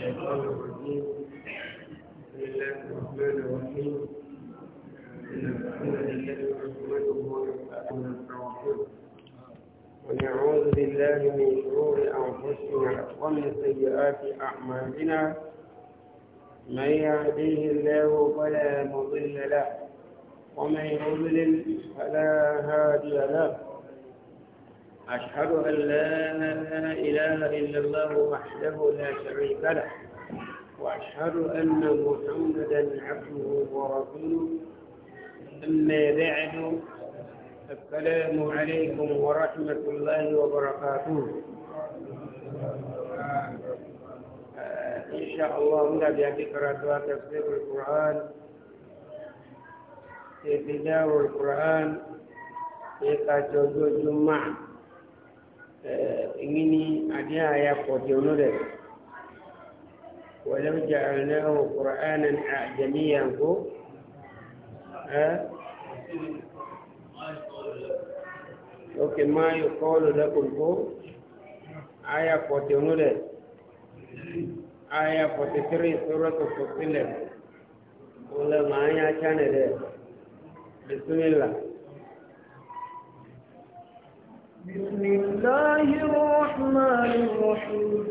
الشيطان الرجيم بسم الله الرحمن الرحيم إن الحمد لله نحمده ونستغفره ونعوذ بالله من شرور أنفسنا ومن سيئات أعمالنا من يهديه الله فلا مضل له ومن يضلل فلا هادي له أشهد أن لا إله إلا الله وحده لا شريك له وأشهد أن محمدا عبده ورسوله أما بعد السلام عليكم ورحمة الله وبركاته إن شاء الله هنا بذكرى تفسير القرآن في القرآن في قاتل الجمعة إني أديها يا قوتي ونودك ولو جعلناه قرآنا أعجميا هو أه؟ أوكي ما يقول لكم هو آية قوتي ونودك آية 43 سورة فصلت ولا ما هي بسم الله بسم الله الرحمن الرحيم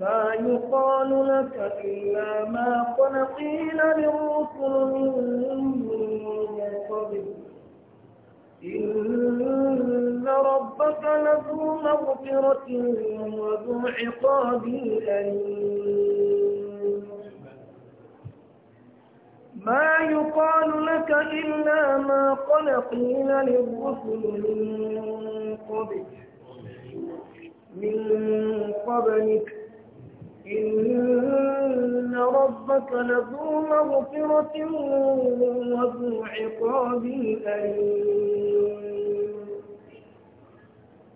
ما يقال لك إلا ما قد قيل للرسل من قبل إن ربك لذو مغفرة وذو عقاب أليم ما يقال لك إلا ما قل قيل للرسل من قبل من قبلك إن ربك لذو مغفرة وذو عقاب أليم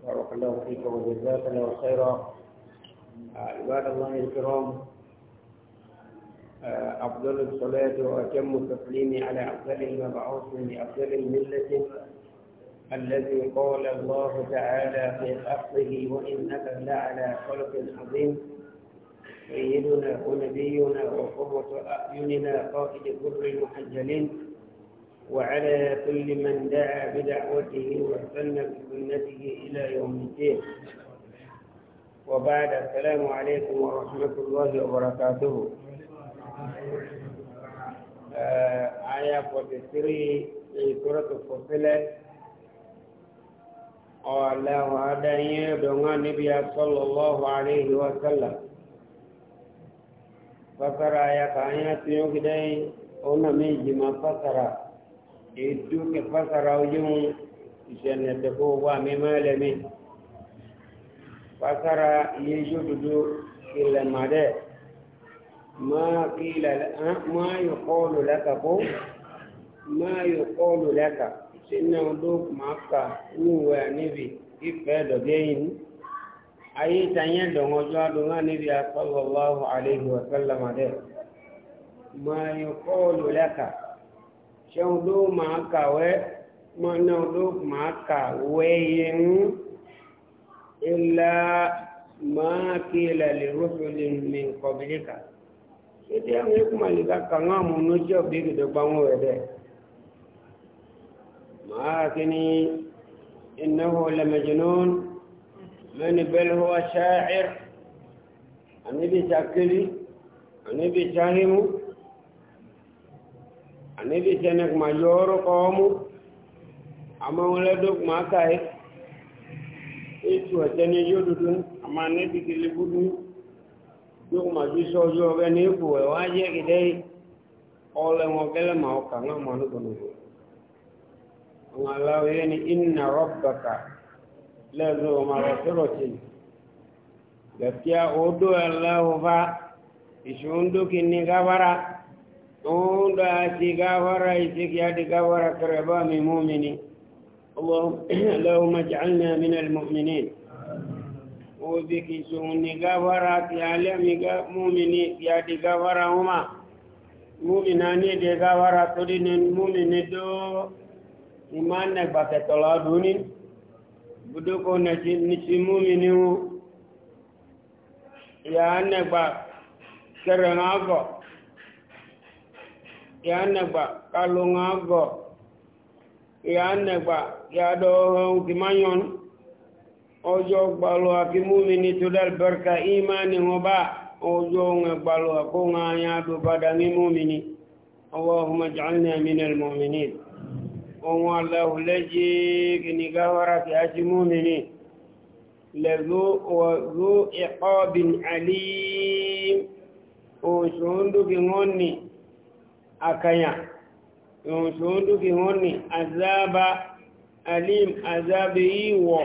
بارك الله فيك وجزاك الله خيرا عباد الله الكرام آه، أفضل الصلاة وأتم التسليم على أفضل المبعوث لأفضل الملة الذي قال الله تعالى في حقه وإنك لعلى خلق عظيم سيدنا ونبينا وقرة أعيننا قائد كل المحجلين وعلى كل من دعا بدعوته واستنى بسنته إلى يوم الدين وبعد السلام عليكم ورحمة الله وبركاته aya forty three ìtura tó fòsílẹ̀ ọ̀làwọ̀ adáyé dọ̀ngá níbi asọ́lọ́lọ́wọ́ àríyí wọ́sálà fasara aya kàáyá tí ó gidẹ́ ọ̀nà méjì ma fasara ètò kẹ fasara ojú ìṣẹ̀lẹ̀ tẹ̀kọ́ wà mímọ́ ẹlẹ́mí fasara iye yóò dúdú ilẹ̀ màdẹ́. ما قيل ما يقول لك بو ما يقول لك سنة دوك معك نو نبي إفاد بين أي تاني دون وجوه نبي صلى الله عليه وسلم عليه ما يقول لك شو دو معك و ما نو دوك معك وين إلا ما قيل لرسل من قبلك ìdí àwọn ikú màlìkà kàwọn àmọ́ oníjì ọ̀bí ìdọ̀gba wọn rẹ̀ dẹ̀ máa kí ni ìnáwó lẹ́mẹ̀jìnnún mẹ́ni bẹ́lẹ̀ wọ́n ṣááìr àníbi ṣàkiri àníbi ṣáhímù àníbi ṣẹ́ni kùmà yọ̀ọ́rọ̀ kọ́ ọmú àmọ́ wọn lẹ́dọ̀ kùmà káyé ètò ẹ̀ṣẹ́ni yóò dúdú àmọ́ àníbi kìlì búdú yóò máa bí sọ́jú ọbẹ̀ ní ipò ẹ̀ wá jẹ́ ìdẹ́ ọlẹ́wọ̀n kẹlẹ́ máa kà ń mọ̀ ní kòmọ̀. àwọn aláwọ̀ yẹn ni iná rọ́bàkà lẹ́nu ọmọ rẹ̀ sọ̀rọ̀ sí i. gàtíà odò aláwọ̀ bá ìṣòǹdókì ní gáfárà òǹdó àti gáfárà ìṣèkì àti gáfárà kẹrẹ bá mi mú mi ni. اللهم اجعلنا من المؤمنين obi ki suni gabara ti alemi ga mumini ya di gabara uma mumina ni de gabara to di nen mumini do iman ne ba ke to la duni budu ko ne ji ni ci mumini wu ya ne ba kere na go ya ne ba kalu nga go ya ne ba ya do ti manyon ọjọ́ gbalọ́ àti múmini tó dálbẹ́rẹ̀ka ìmáni wọn bá ọjọ́ wọn gbalọ́ àkó wọn àyà tó padà ní múmini اللهم اجعلنا من المؤمنين ohun aláwò lẹ́jẹ́ gìnìgáwára fi ájí múmini lẹ́zó ẹ̀kọ́ bin alim òṣòóndókè wọ́n ni àkàyà òṣòóndókè wọ́n ni àzába alim àzábe yíwọ̀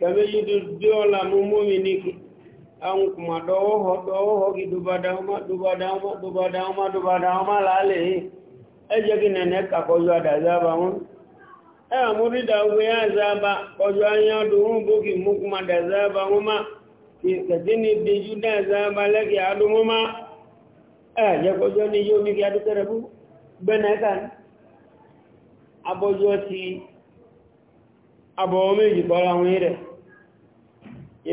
kẹmẹ yìí ọla ọ̀la mú múmi ní kí àwọn kùmà dọ́wọ́họ́ dọ́wọ́họ́ kí dúbádáwọ́má dúbádáwọ́má dúbádáwọ́má dúbádáwọ́má láàlẹ̀ yìí ẹjẹ́ wọn ẹ àmúrídà ogun ya àzába kọjú anya ún bókì mú ti abọ́ méjì kọ́ra wọn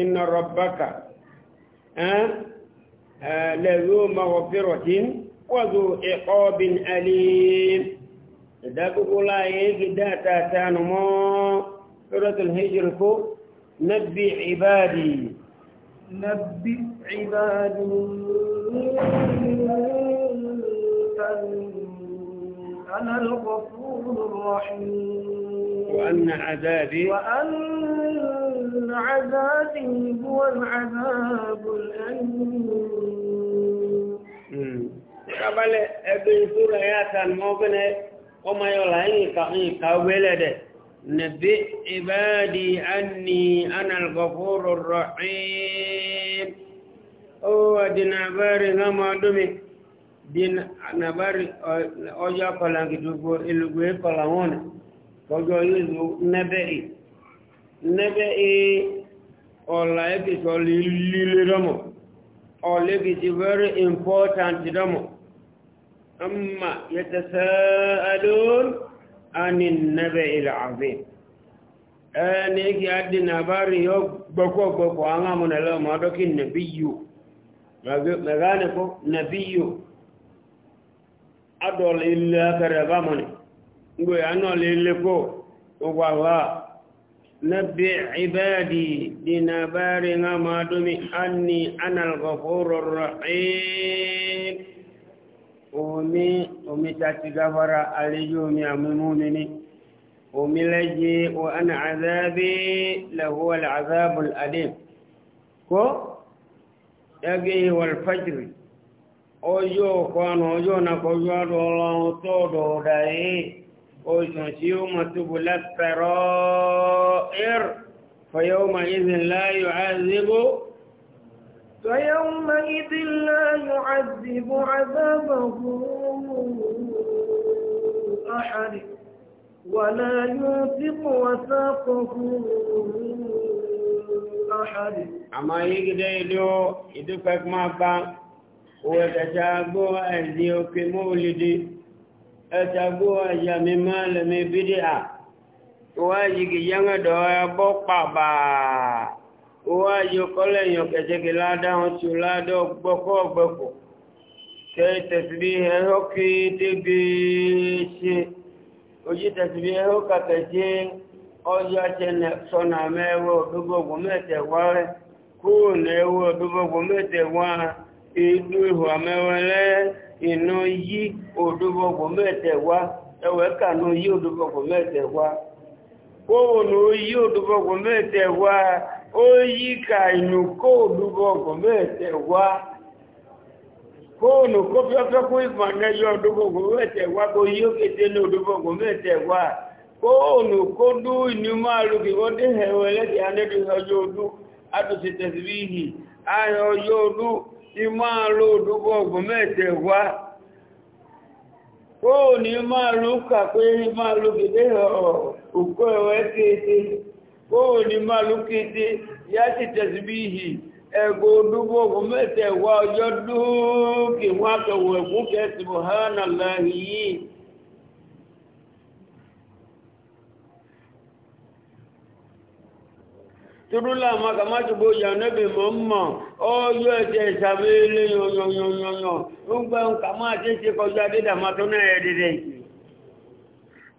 إن ربك آه، آه، لذو مغفرة وذو عقاب أليم دابق لا يجد إيه، تاتانمو سورة الهجر كو نبي عبادي نبئ عبادي أنا الغفور الرحيم وأن عذابي وأن العذاب هو العذاب الأليم kabale ebe sura ya tan mogene o mayo lain ka hi ka welede nabi ibadi anni ana al-ghafurur rahim o adina bari ngama dumi din anabari ojo kolangi dugo ilugwe kolawona kojo yuzu nabei nebe ee ọla ekiti ọla ilile dọmọ ọla ekiti very important dọmọ amma yatasaalun ani nebe ilazim ẹni e, kí a di nàbárí yọ gbọkọgbọkọ àwọn amúnẹlẹ ọmọ ọdọkí nàbíyù mẹgánikọ nàbíyù adọlẹ ilẹ akẹrẹ bámọni gbé anọlẹ anọ kó ụwa wàá نبئ عبادي دينابار ما دمي أني أنا الغفور الرحيم أمي أمي تاتي غفر اليوم يا مؤمني أمي لجي وأنا عذابي لهو العذاب الأليم كو يجي والفجر أجو كان أجو نكو الله تودو دائي ويوم تبلى السرائر فيومئذ لا يعذب فيومئذ لا يعذب عذابه أحد ولا يوثق وثاقه أحد أما يجدي له يدفك ما بان وتشابه أهدي وكمولدي ẹ̀tàgbó àyàmì máa lẹ̀mí bídíà wáyé kìyàngà dọ̀ọ́yà bọ́ pàbà wáyé kọ́lẹ̀yàn kẹ̀tẹ́kì ládáhùn tí ó ládọ́ gbọ́kọ́ gbẹ́kọ̀ kẹ́ tẹ̀sìbí ṣe inú yí òdúbọ̀gbò mẹ́tẹ̀wá ẹwẹ́ kànú yí òdúbọ̀gbò mẹ́tẹ̀wá kóònù yí òdúbọ̀gbò mẹ́tẹ̀wá ó yí kàìnù kóòdúbọ̀gbò mẹ́tẹ̀wá kóònù kó fẹ́fẹ́ kó ìfànà yọ òdúbọ̀gbò mẹ́tẹ̀wá kó yí òkété ní òdúbọ̀gbò mẹ́tẹ̀wá kóònù kó dú dé máa lo òdúgbò ọgbọ̀n mẹ́ẹ̀tẹ̀ wá ó ní máa lo kàpé máa lo ọ òkú ẹ̀wẹ́ kéde ó ní máa lo kéde yá ti tẹ̀sí bí ìhì ẹgbò òdúgbò ọgbọ̀n mẹ́ẹ̀tẹ̀ wá ọjọ́ dúkì ẹ̀kú mọ̀hánà turula maka matubo ya nabi mọ́mọ́ ọjọ́ ẹ̀tẹ́ ìsàbẹ̀ ilé yọnyọnyọnyọ nígbà nǹkan máa tí ń ṣe kọjá dídàmà tó náà ẹ̀ dídẹ̀ ìkì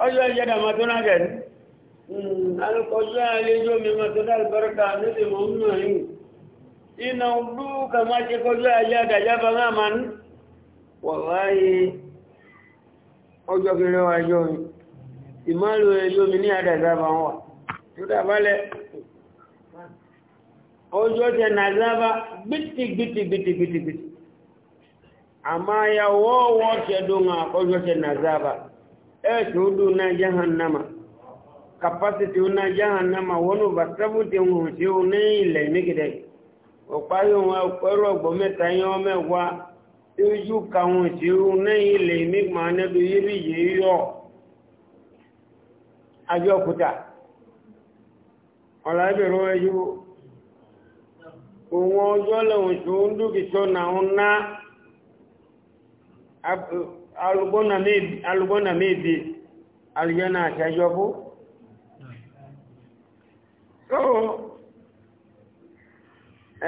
ọjọ́ ẹ̀jẹ̀ dàmà tó náà gẹ̀ẹ́dì alukọjọ́ àlejò mímọ̀ tó dá ìbọ̀rọ̀kà níbi mọ́mọ́ yìí iná ọdún kan máa ṣe kọjá ayé àdàjábà náà máa ń wọ̀láyé ọjọ́ kiri wájọ́ ìmọ̀lù ẹjọ́ mi ní àdàjábà wọn tó dàbálẹ̀ ojo jenazaba biti biti biti biti ama ya wowo kedunga ojo jenazaba e tudu na jahannama capacity una jahannama wonu basabu ti unhuti une ile mikide opayo wa kwero gbo meta yan mewa ilẹ̀ nígbà nẹ́bí yírí yìí yọ ajọ́kúta ọ̀làbẹ̀rọ òun ọjọ́ lẹ́wọ̀n tó ń dúkìtọ́ náà ń ná alùgbọ́nà méèbì alùgbọ́nà àṣàjọ́ bó so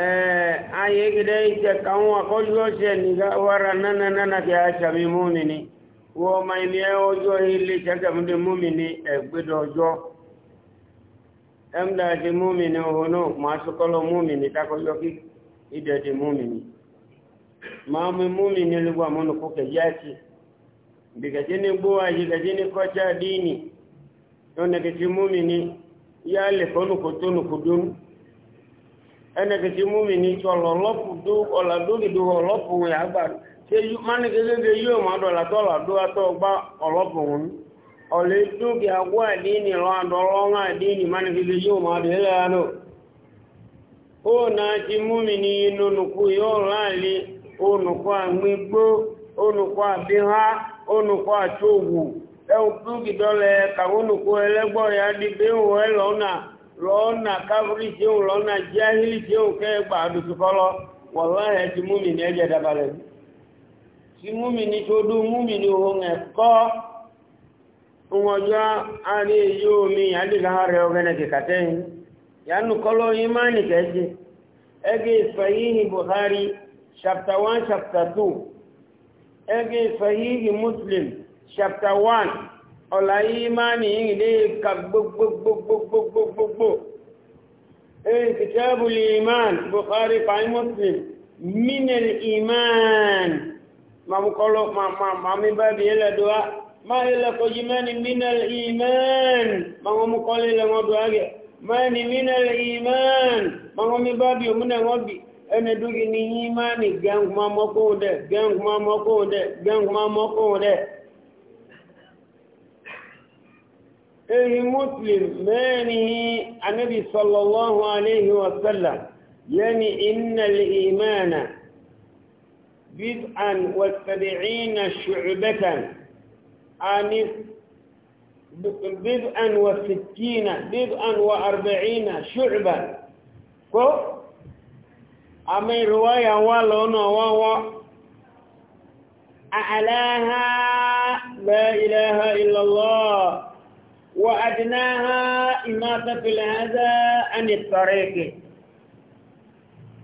eh, ayé gidẹ́ ìṣẹ́ káwọn akọ́jú ọ̀ṣẹ́ nígbà wára náà náà kí a ṣàmì múmi ni wọ́n ma ilé ọjọ́ ilé ṣẹ́gàmúdé múmi ni ẹ̀gbẹ́dọ̀ ọjọ́ ẹ̀mdà ti múmìnì ohun náà máa ṣokọ́lọ múmìnì takọjọ́ kí ìdẹ̀ ti múmìnì máa mú múmìnì lúgbà mọ́nà kó kẹjá sí bìkẹ̀tí ní gbówà yìí kẹjí ní kọjá díìnì ẹnẹ̀kẹ̀ ti múmìnì yá lè kọ́nùkù tónùkù dún ẹnẹ̀kẹ̀ ti múmìnì tọ̀lọ̀ lọ́pù dó ọ̀làdókìdó ọ̀lọ́pù rẹ̀ àgbà ṣe mánìkẹ́gẹ́gẹ́ yóò má dọ̀là tọ́là dó ọ̀lẹ́dúkì àgbó àdínì ránàdọ́rọ́ àdínì máa fi fi yóò máa bèèrè àánú ó náà ti mú mi ní inú nùkú yóò ráàlì onùkú àmúgbó onùkú àbíhá onùkú àtòwò ẹ̀hùn dúkì dọ́lẹ̀ kàwọn onùkú ungoja ani yumi hadi lahare ogene kikateni yanu kolo imani keje ege sahihi bukhari chapter 1 chapter 2 ege muslim 1 ola 2. ile ka gbogbogbogbogbogbogbo ee muslim min 1. iman ma bukolo ma ma ma ما لك جمان من الإيمان ما هو مقال لما دعاك ما من الإيمان ما هو مبابي ومن ربي أنا دوغي ني إيماني جانك ما مقود جانك ما مقود جانك ما مقود إيه مسلم مانه النبي صلى الله عليه وسلم يعني إن الإيمان بضعا وسبعين شعبة عن بدءا وستين بدءا وأربعين شعبا كو أمي رواية ولونا وهو أعلاها لا إله إلا الله وأدناها إماتة الأذى عن الطريق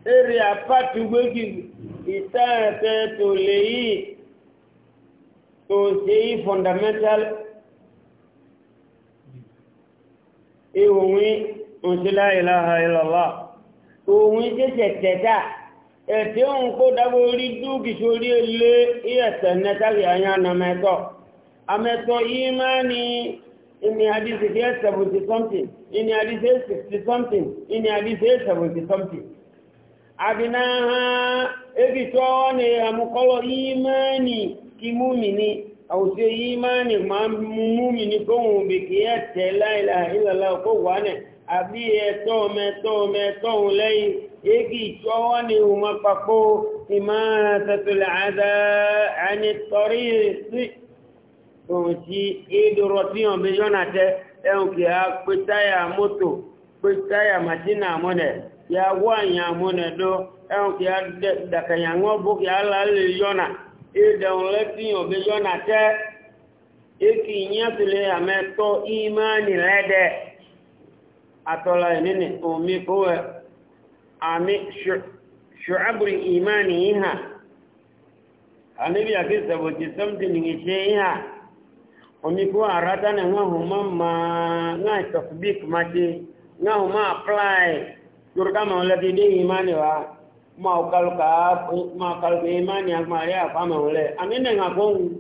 إريا فاتو بكي إتاتة ليه to see fundamental ìwòwí òṣìlá ìlàhà ìlàlá òun jẹ́sẹ̀ tẹ́ta ẹ̀tẹ́ òun kó dágbó orí dúkì sórí ilé ìyẹ̀sẹ̀ nẹ́tàrí àyàn àmẹ́tọ́ àmẹ́tọ́ yìí máa ní ìní àdíṣẹ́ 70 something ìní àdíṣẹ́ 60 something ìní àdíṣẹ́ 70 something àbínáhà ẹbí tọ́ ní àmúkọ́lọ̀ yìí máa tí múmìnì àwòṣe yìí máa nì máa mú múmìnì kóhùn bèkì ẹ̀tẹ̀ láìláà ìlàlá ọkọ wà náà àbí ẹ̀tọ́ mẹ́tọ́ mẹ́tọ́ lẹ́yìn èkì ìṣọ́wọ́ ni òun papọ̀ ìmọ̀ tẹ̀tẹ̀lẹ̀ àdá ẹni tọ́rí sí ohun ìdẹ̀wọ̀n lẹ́tìyàn òbí yọ́nà tẹ́ èkì ìyẹ́tùlẹ̀ àmẹ́tọ́ ìmáàni lẹ́dẹ̀ àtọ́lá ìnínì omi kówẹ̀ àmì ṣùgbùrì ìmáàni ìhà àníbí àti sẹ̀bọ̀tì sẹ́mtì nìyí ṣe ìhà omi kó àrátá ní ńláhùn máa máa ńlá ìtọ̀kùbíkì máa ṣe ńláhùn apply yorùbá máa lẹ́tì dé wa. ma kalka ma kalka imani ma ya kama wale anene ngabon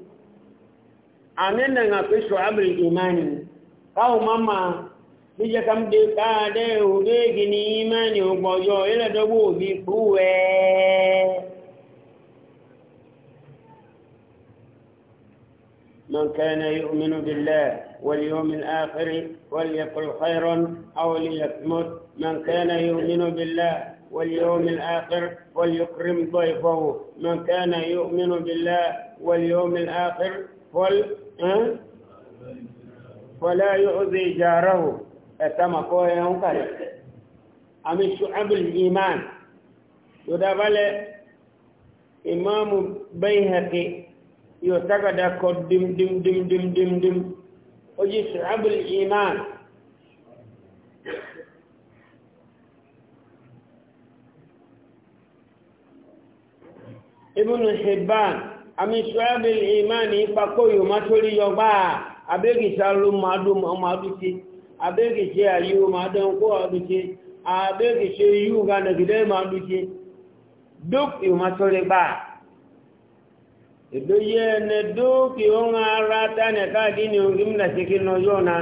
anene ngapisho abri imani kau mama nije kamde kade udegi ni imani ubojo ile dobu bibuwe من كان يؤمن بالله واليوم الآخر وليقل خيرا أو ليصمت من كان يؤمن بالله واليوم الآخر وليكرم ضيفه من كان يؤمن بالله واليوم الآخر فل... فلا يؤذي جاره أتم قال ينقل أم شعب الإيمان يدبل إمام بيهقي يتقد دم دم دم دم دم دم وجي شعب الإيمان ibùnú hibban àmì ṣọ́ẹ́bì ìmáàni ipakó yóò má tó rí yọgbá abẹ́gìṣà ló máa dùn máa dùkí abẹ́gìṣẹ́ ayé máa dán kó àdùkí abẹ́gìṣẹ́ yíò ga nàgìdẹ́ máa dùkí dùk yóò má tó rí gbà ìdóyè ẹni dùk yóò ń ara tánẹ̀ káàdì ní orí mi láti kí lọ yóò na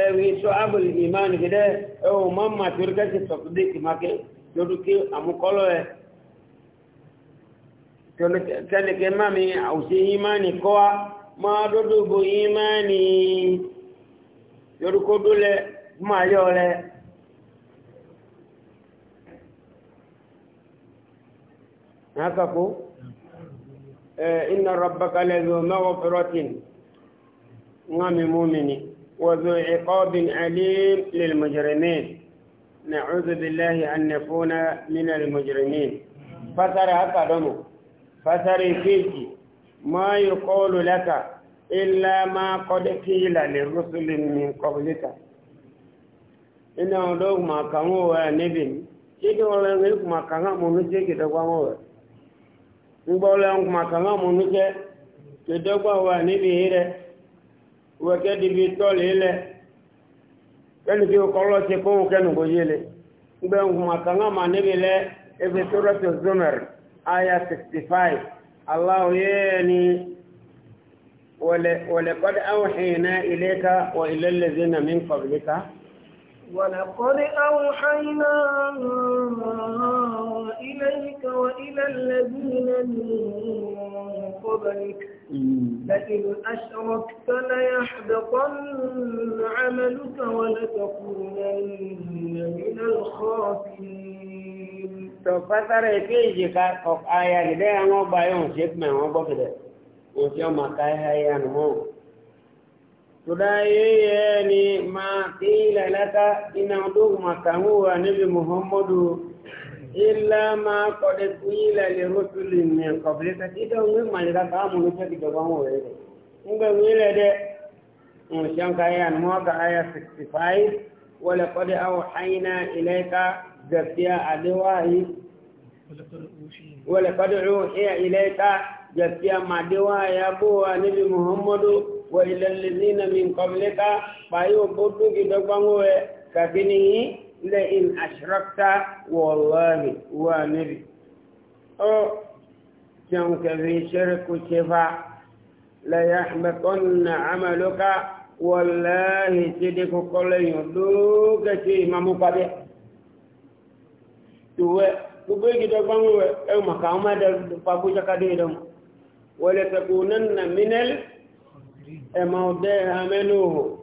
ẹ̀rí ṣọ́ẹ́bì ìmáàni gidẹ́ ẹ̀wọ̀n máa mà tó rí kẹ́sì tọ̀kídé kìmákẹ́ lórúkẹ́ àmúkọ́lọ́ ẹ̀ keleke mami ausi imani koa madodobo imani yorukodule mayole nakaku inna rabbaka ladhu maghfiratin ngami mu'mini وذو عقاب أليم للمجرمين نعوذ بالله أن نكون من المجرمين فترى هكذا fásáré kéèkì máa yóò kọ́ọ̀lù lẹ́ka ilẹ̀ máa kọ́dé kí ìlànà rúsùlù ní kọ́bùlítà iná ọdọ́gùn máa kàn wọ́n wẹ̀ níbi ní kíkẹ́ wọ́n lẹ́nu ikú máa kàn án mọ̀nú jẹ́ kìdọ́gba wọ́n wẹ̀ ń gbọ́ lẹ́nu máa kàn án mọ̀nú jẹ́ kìdọ́gba wẹ̀ níbi yìí rẹ̀ wẹ̀kẹ́ dìbí tọ́lì ilẹ̀ kẹ́nu kí o kọ́ lọ sí kóhùn kẹ́nu kò yé le ń gbẹ́ ń máa kàn án mọ̀ níbi lẹ́ ebi tó aya آية 65 الله يعني ولقد أوحينا إليك وإلى الذين من قبلك ولقد أوحينا إليك وإلى الذين من قبلك لئن أشركت ليحبطن عملك ولتكونن من الخاسرين tọ pátárà èké ìjìká ọ̀káyà nìdẹ́ àwọn ọgbà yóò ṣe pẹ̀ wọ́n gbọ́ kìdẹ̀ wọ́n fi ọmọ káyà yà nù mọ́. tùdá yéyẹ ni máa kí ilẹ̀ lẹ́ka iná tó màkàmú wa níbi muhammadu ilá máa kọ́dé kú ilẹ̀ lè rọ́tùlù ní kọ̀bílẹ̀ kàkí tó ń gbé màlìkà káàmù ní fẹ́ kìjọba wọn rẹ̀ rẹ̀ nígbà wílẹ̀ dẹ́ wọ́n fi ọmọ káyà nù mọ́ gaskiya adewahi wala kad uhiya ilayka gaskiya ma dewa ya buwa nabi muhammadu wa ila alladhina min qablika bayo bodu gidobangoe kakini la in ashrakta wallahi wa nabi o janka bi shirku shifa la yahbatanna amaluka wallahi sidiku kullu duka shi mamu kabeh tuwe kubuye kita kwangu we eu makama da pakuja kadira wala takunanna minal emaude hamenuhu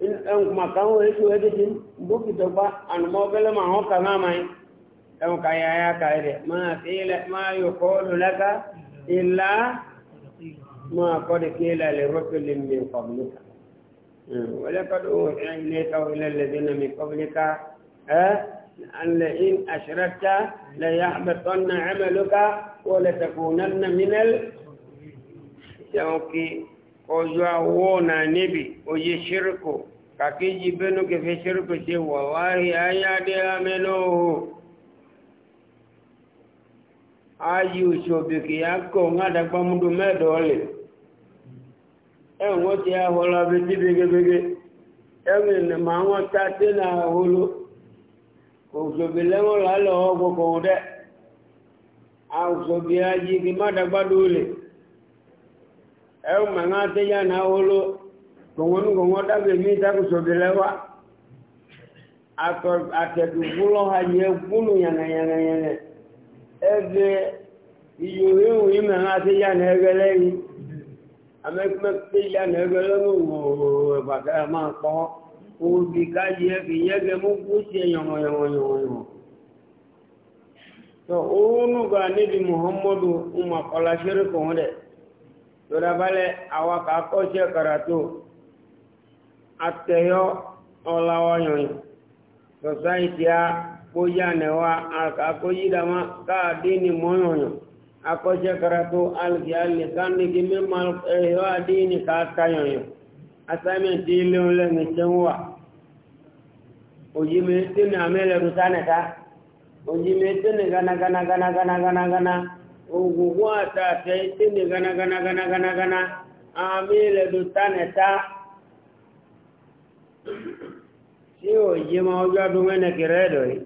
in en makamu yesu wedin buki doba an mobele ma hoka ngamai eu kaya ya kaire ma qila ma yuqulu laka illa ما قد قيل لرسل من قبلك ولقد أوحي إليك وإلى الذين من قبلك أه أن لئن أشركت ليحبطن عملك ولتكونن من الشوكي ojo awo na nibi oye shirku kakiji benu ke fe shirku se wallahi aya de amelo ayu shobi ki yako ngada kwa mdu medole e ngote ya hola beti bege bege e ngene ma ngota tena hulu òṣòbí lẹ́wọ́n lálọ́ gbogbo dẹ́ àṣòbí ajé kí má dàgbàdo lè ẹ̀rù màá tẹ́jà náà wọ́lọ́ kòwọ́n kòwọ́n dábì mí sákòṣòbí lẹ́wà àtẹ̀dùgbúlọ́ òbí káyé ẹ̀fì yẹ́gẹ́ mú kú sí ẹ̀yọ̀mọ̀ ẹ̀wọ̀n yọ̀wọ̀n tó oónúgbà níbi muhammadu umar kọlásírí kò wọ́n dẹ̀ tó dábálẹ̀ àwọn kàkọ́ṣẹ́ karatu atẹ̀yọ́ ọláwọ́yọ̀yìn sọ̀sáìtì a kóyá nẹ̀wà àkàkóyídàmá káàdé ni mọ́yọ̀yọ̀ akọ́ṣẹ́ karatu alìkíálì kándìkí mímọ́ ẹ̀yọ́ àdé ni káàkáyọ̀yọ̀ assignment ilé olóyìn tẹ́wọ́ ojime tene amele rutane ta ojime tene gana gana gana gana gana gana ogugwa ta te tene gana gana gana gana gana amele rutane ta si ojima ojo dumene kiredo yi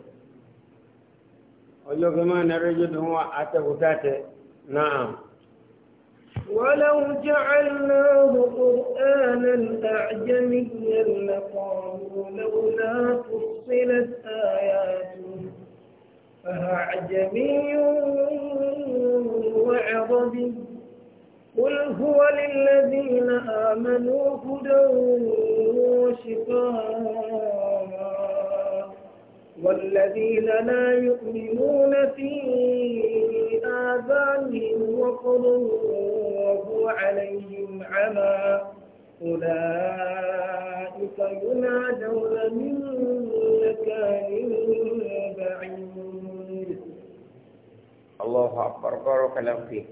ojo kema narejo dumwa ate utate naam ولو جعلناه قرآنا أعجميا لقالوا لولا فصلت آياته فأعجمي وعربي قل هو للذين آمنوا هدى وشفاء والذين لا يؤمنون فيه آذانهم وقل وهو عليهم عمى أولئك ينادون من مكان بعيد الله أكبر بارك الله فيك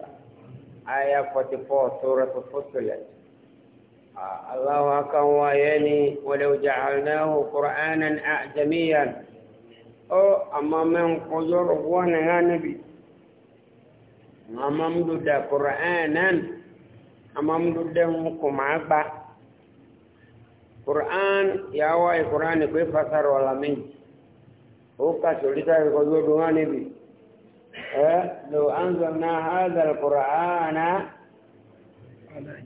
آية 44 سورة فصلت الله أكبر ويني ولو جعلناه قرآنا أعجميا أو أما من قدر وانا يا نبي amamduda qur'anan amamduda kumagba qur'an yawa qur'an ko fasar wala min o ka solita ko do dunga ne bi eh law anzalna hadha alqur'ana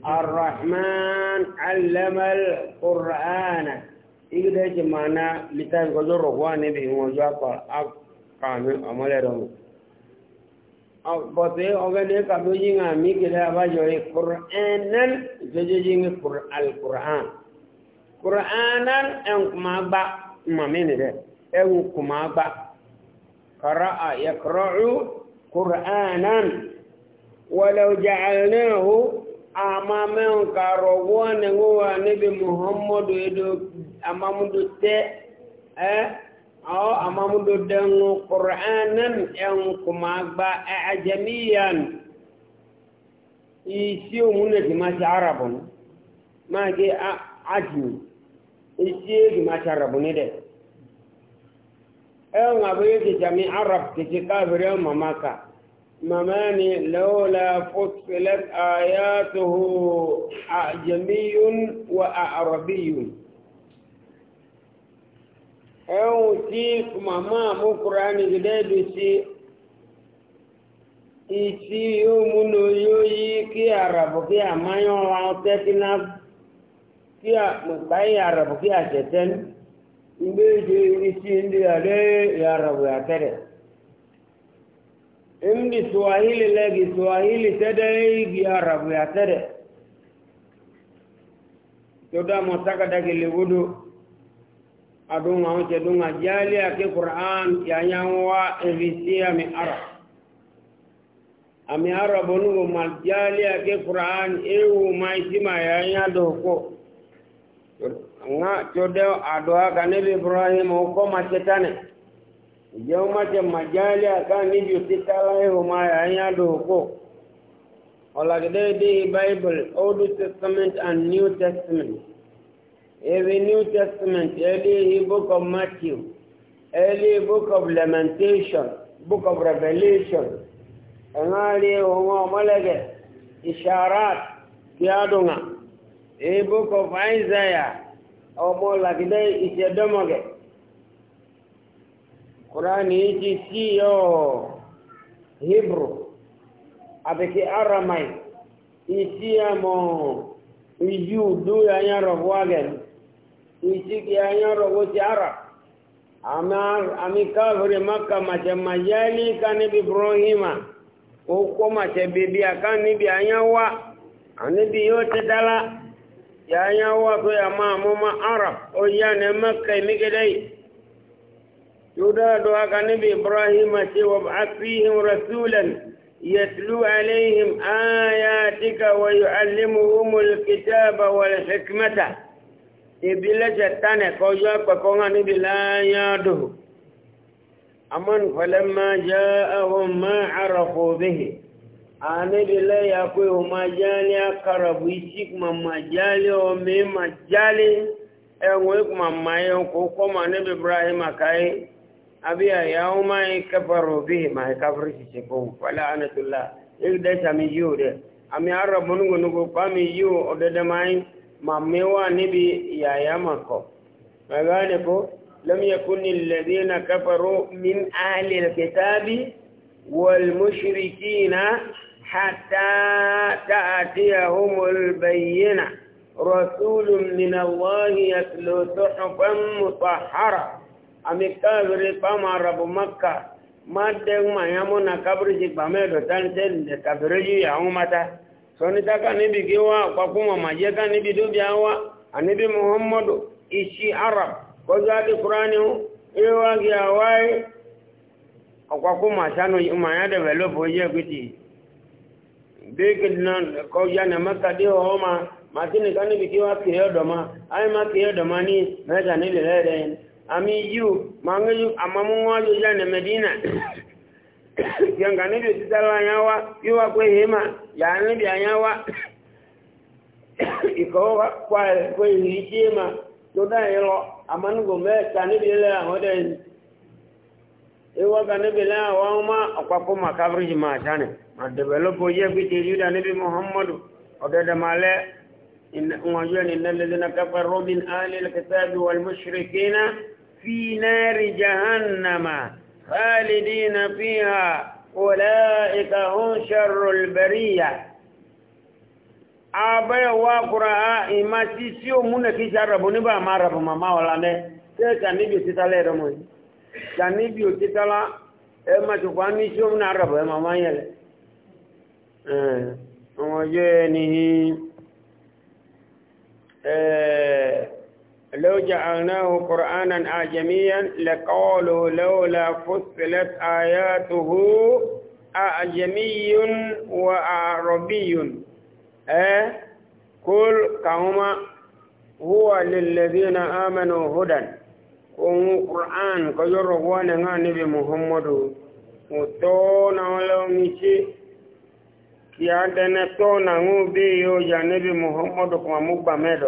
الرحمن علم القرآن إذا جمعنا لتاج قدر رغوان به وجاء قرآن أمال رمو bọ̀tẹ́ ọgẹ́dẹ́ kàdó yí ń àmì kìlẹ̀ àbájọ yìí kùránán ìjọjọ́ yí ń alkùrán kùránán ẹn kùmá gbá mọ̀mí nìdẹ̀ ẹn kùmá gbá kọ̀rọ̀ àyẹ̀kọ̀rọ̀rù kùránán wọlọ́jà àlẹ́hù àmàmẹ́n kàrọ̀ wọ́n ni wọ́n níbi muhammadu edo amamudu tẹ́ ẹ́ eh? أو أمام دودن قرآنا ينكم أكبا أعجميا يسيو منك ما عرب ما جي عجمي يسيو ما عرب ندي أو أبيك جميع عرب كتكافر يوم مكة مماني لولا فصلت آياته أعجمي وأعربي ẹ̀hún tí màmá àmúkúra ní gidẹ́dù sí ìtí yóò múnú yóò yí kí àràbù kí àmáyán wa tẹ́tí náà kí àpáyé àràbù kí àtẹ̀tẹ́ ìgbéjì ìtí ndí àdé àràbù àtẹ́rẹ̀ ndi swahili legi swahili tẹ́dẹ́ igi àràbù àtẹ́rẹ̀ tó dá mọ́ sákàdákì lè adun ma wace dunga jali a ke ƙura'an yayan wa evisi a mai arab a mai arab wani goma jali a ke ƙura'an ewu mai isi ma yayan da hukko nga code adoa ka nabi ibrahim hukko mace ta ne yau mace majali a kan nibi sitala ewu ma yayan da hukko olagide di bible old testament and new testament every New Testament, early book of Matthew, early book of Lamentation, book of Revelation, and early Malage, Isharat, Kiadunga, a book of Isaiah, or more like they is a domoge. Quran is CEO Hebrew, Abeki Aramai, Isiamo, Iyu, Duya Yarov isiki anyoro woti arab ami kafiri maka mace majali ka nibi ibrahima ko mace bibiya ka nibi anyawa anibi yote dala ya anyawa ko ya mamuma arab o yane maka imike dai يدادوا عن نبي إبراهيم وابعث فيهم رسولا يتلو عليهم آياتك ويعلمهم الكتاب والحكمة ìbílẹ̀ṣẹ̀ tánẹ̀ kọ́ yọ ẹ̀pẹ̀kọ́ hàn níbi láyádò amọ́n fẹlẹ́mà ma ẹ̀hùn mọ́ àrọ̀fọ̀ bíhì ya yà pé o akarabu isi kuma ma jáde omi ma jáde ẹ̀wọ̀n kuma ma yẹ ma ibrahim akáyé àbí àyàwó máa yẹ kẹfàrọ̀ ma yẹ káfírí ṣiṣẹ́ kó fẹlẹ́ ànátúlá ẹ̀dẹ́sàmì yìí o dẹ̀ àmì àrọ̀bùnúgbònúgbò mamewa nibi yayamako magane ko lam yakuni alladhina kafaru min ahli alkitabi wal mushrikina hatta ta'tiyahum albayyina rasulun min allahi yatlu suhufan mutahhara amikabri pama rabu makkah madde ma yamuna kabri jigbamedo tan sen de kabri sonitaka nibi giwa kwa kuma majeka nibi dubya hawa anibi muhammadu ishi arab kwa zaki kurani hu iwa giawai kwa kuma sano ima ya developo ye kuti big non ko ya na bikiwa kiyodoma ai ma kiyodoma ni mega ni lele mangu amamu ngwayo ya na medina yanga níbi sísálọ àyáwá yíwá pé hímà yàá níbi àyáwá ìkọ́wọ́ pa ẹ̀ pé ìhì jí mà tó dáyé lọ àmánúgbò mẹ́ta níbi ilẹ̀ àwọn ọdẹ yìí ìwọ́gà níbi ilẹ̀ àwọn ọmọ ọ̀pápọ̀ màkàbíríjì máa sáni mà dẹ̀bẹ̀lọ́pọ̀ yẹ́ fi ti yúdà níbi muhammadu ọ̀dẹ̀dẹ̀ máa lẹ́ wọn yóò ní nẹ́lẹ́dẹ́nà kápẹ́ robin alẹ́ kẹtàbí wàlmúṣirikínà fi náírì jahannama خالدين فيها أولئك هم شر البرية abẹ́ wa kura a ìmá tí sí o múnà kí ṣàrọ̀bù níbà máa rọ̀bù màmá ọ̀la lẹ́ tí ẹ̀ tàníbi òtítàlẹ̀ ẹ̀rọmọ̀ yìí tàníbi òtítàlá ẹ má tó pa ní sí o múnà rọ̀bù ẹ màmá yẹn lẹ̀ ọmọ jẹ́ ẹni ẹ̀ لو جعلناه قرآنا أعجميا لقالوا لولا فصلت آياته أعجمي وعربي أه؟ قل كهما هو للذين آمنوا هدى وهو قرآن كجرغوان نبي محمد وطونا ولو نشي كي عدنا طونا هو بيو جانبي محمد كما مبا مدو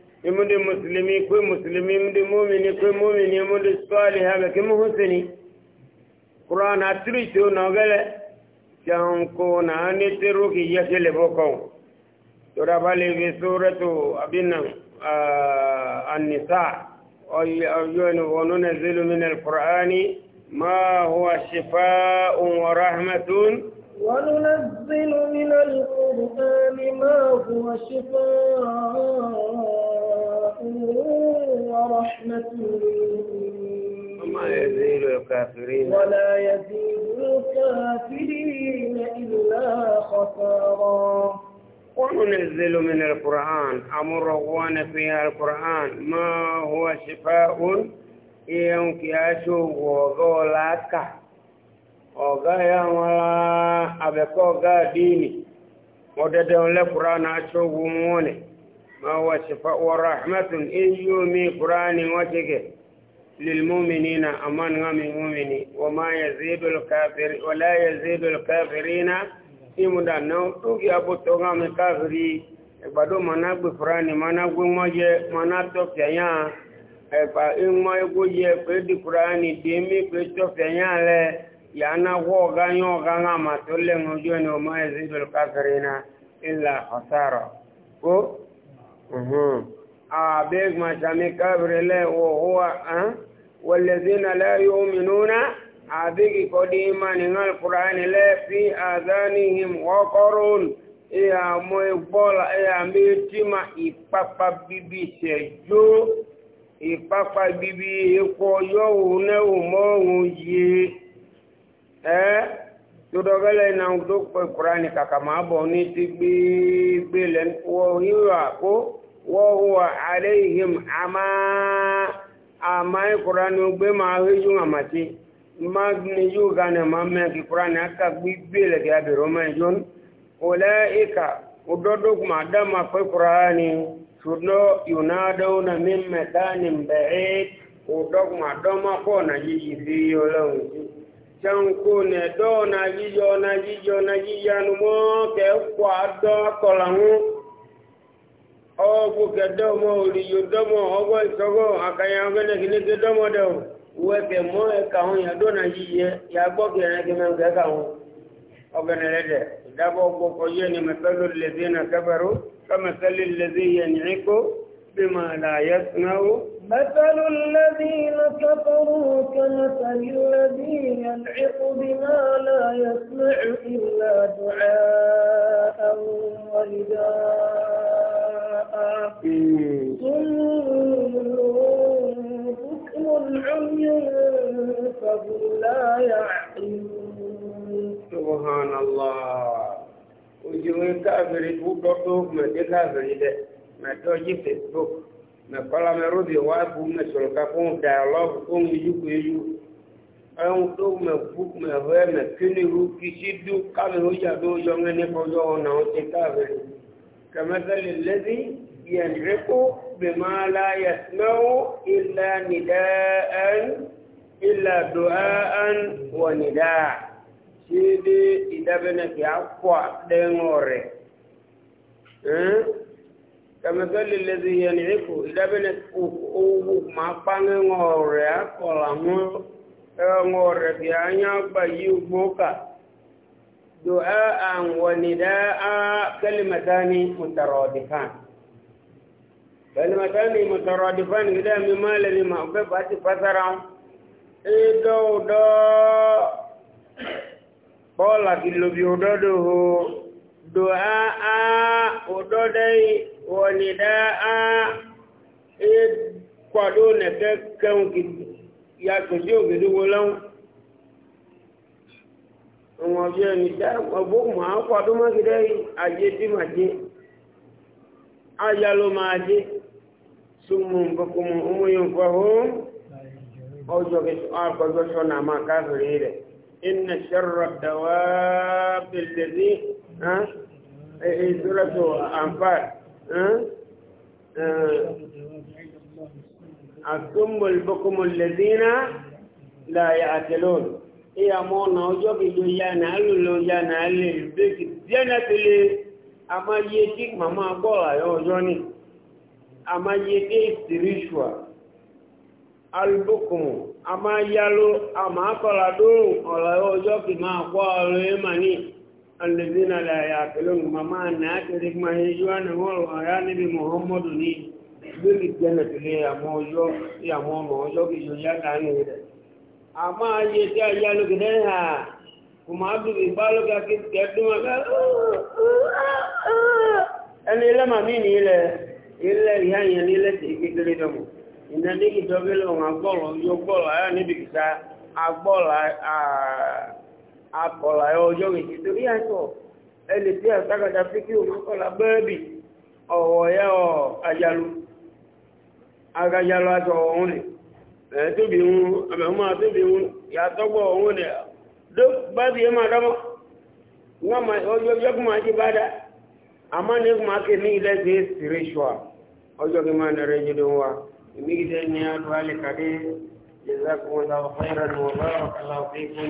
imundi muslimi kwe muslimi imundi mumini kwe mumini imundi saliha ke muhsini qur'an atri to nogale jahon ko na ne tiru ki yakele boko to da bale bi suratu abinna an-nisa ay ayun wa nunzilu min al-qur'ani ma huwa shifaa'un wa rahmatun وننزل من القرآن ما هو شفاء ورحمة وما يزيد الكافرين ولا يزيد الكافرين إلا خسارا وننزل من القرآن أمر فيها القرآن ما هو شفاء ينكي أشوف وغولك وغايا ولا أبقى ديني وددن لقرآن أشوف موني ما هو شفاء ورحمة إن يومي قرآن وجهه للمؤمنين أمان غم مؤمني وما يزيد الكافر ولا يزيد الكافرين إمدا نو توكي أبو توغام الكافري إبادو مناك بفراني مناك بمجي مناك توكيان ẹ̀fà ìmọ̀ ikú yẹ pé dìkúránì dé mí pé tọ́fẹ̀yà rẹ̀ yàánà wọ́ ọ̀gá yán ọ̀gá náà mà tó lẹ́nu ojú ẹni ọmọ ẹ̀sìn ìdòlùkà fẹ̀rẹ̀ náà ìlà ọ̀sàrọ̀. Uh-huh. abeg masami kabrile wahuwa wallazina la yu'minuna abegi kodi imani ngal qur'ani le fi adhanihim waqarun ya mo igbola ya mi tima ipapa bibi sejo ipapa bibi eko yo ne o mo ye eh tudɔbɛlɛ na do kurani kaka ma bɔ ni ti gbigbe lɛ wɔhiwa ko wɔhuwa aleihim ama amaye kurani gbe ma heju ŋamati ma neju gane ma mɛ ki kurani aka gbigbe lɛ kia bero ma jon wòlɛ ika wòdodo kuma dama pe kurani tudɔ yunadewo na mi mɛta ni bɛɛ wòdɔ kuma dɔma kɔ na yiyi fi yɔlɛ wòsi janko ne do na yiyo na yiyo na yiyanu mo ke kwa do kola ŋu ɔbu ke dɔmɔ oliyo dɔmɔ ɔbɔ isɔgɔ akanya ɔbɛ ne kele dɔmɔ dɛ o wɛ ke mɔ ɛka e ŋu ya do na yiyɛ ya gbɔ ke ne ke mɛn ke ka ŋu ɔbɛ ne lɛ dɛ dabɔ gbɔ kɔyɛ ne mɛ pɛlɛ lɛbi na kɛfɛro kama pɛlɛ lɛbi yɛ nyɛ ko bima la yɛ sinawo. مثل الذين كفروا كمثل الذي ينعق بما لا يسمع إلا دعاء ورداء حكم عمي فهم لا يعقلون سبحان الله وجوه كافر فوق ما دي كافر ما توجي فيسبوك na kɔla mɛ rɔbi wa e bu mɛ sɔrɔ ka ko ŋu dialogue ko ŋu yuku eyu ɛŋu e do mɛ bu mɛ hɛ mɛ kini ru kisi du kame o dza do yɔ ŋɛ ne kɔ yɔ na o ti ka vɛ kɛmɛ tɛli lɛbi yɛn reko bima la yasmɛwo ila nida ɛn ila do ɛn wɔ nida si de idabɛnɛ kia kɔa ɖe ŋɔ rɛ ɛn kàmẹ́kẹ́lì lẹ́sìn yẹn ní ìfò ìdábẹ́lẹ̀ owó máa pàǹgẹ́ ọ̀rẹ́ akọ̀là mọ́ ẹ̀wọ̀n ọ̀rẹ́ kì á yán gbà yí gbókà dùhẹ́ àwọn nìdá kẹ́lìmẹ́tání mùtàrọ̀dìfàn kẹ́lìmẹ́tání mùtàrọ̀dìfàn gídá mi máa lẹ́ni máa fẹ́ pàtí pátára ìdọ́ọ̀dọ́ bọ́ọ̀lù àti lòbì òdọ́dọ̀ dùhẹ́ òdọ́dẹ́ yìí. ونداء kwado na kankan ya kojú ògidì wọláwọn ọmọ ọjọ́ ẹni dá ọgbọ́ máa kwado mágidẹ́ ajé tí máa jẹ́ ayálò máa jẹ́ súnmọ́ nǹkankan ọmọ yóò fọ́ hún ọjọ́ àgbọ́jọ́ sọ́nà máa káfìrí rẹ̀ iná ṣẹ́rọ̀ dáwà pẹ̀lẹ́dí ẹ́ ìṣúra tó àǹfààní الصم البكم الذين لا يعقلون iya mo na ojo bi lo ya na ya na le be ki diana tele ama ye ti mama go la yo ojo ni ama ye ti ya ma gaaha a na a i abi m ha mdụ i a le a lee aị a niile i ị na-eee wụ aa nebia ọ akọ̀là ọjọ́ méjì torí àìsàn ẹni tí àtàkàtà fíkì òmùkọ̀là bẹ́ẹ̀bì ọ̀wọ̀ yẹ ọ̀ àjálù agajálù àtọ̀ ọ̀hún ni ẹ̀ tóbi ń àmẹ́hùn àtóbi ń yàtọ́gbọ̀ ọ̀hún ni dó bá ti yẹ máa dámọ́ wọ́n máa ọjọ́ yẹ́kùn máa ti bá dá àmọ́ ní kùn máa ké ní ilẹ̀ sí spiritual ọjọ́ kí máa nẹ̀rẹ́ jùlọ wa ìmíkìtẹ́ ní adúlá lè kàdé جزاكم الله خيرا وبارك الله فيكم